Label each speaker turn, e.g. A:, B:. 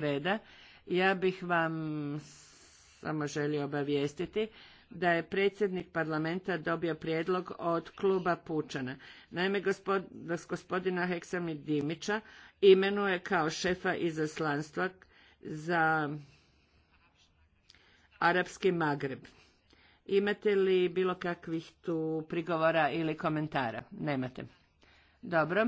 A: reda, ja bih vam samo želio obavijestiti da je predsjednik parlamenta dobio prijedlog od kluba Pučana. Naime, gospodina Heksami Dimića imenuje kao šefa izaslanstva za Arapski Magreb. Imate li bilo kakvih tu prigovora ili komentara? Nemate.
B: Dobro.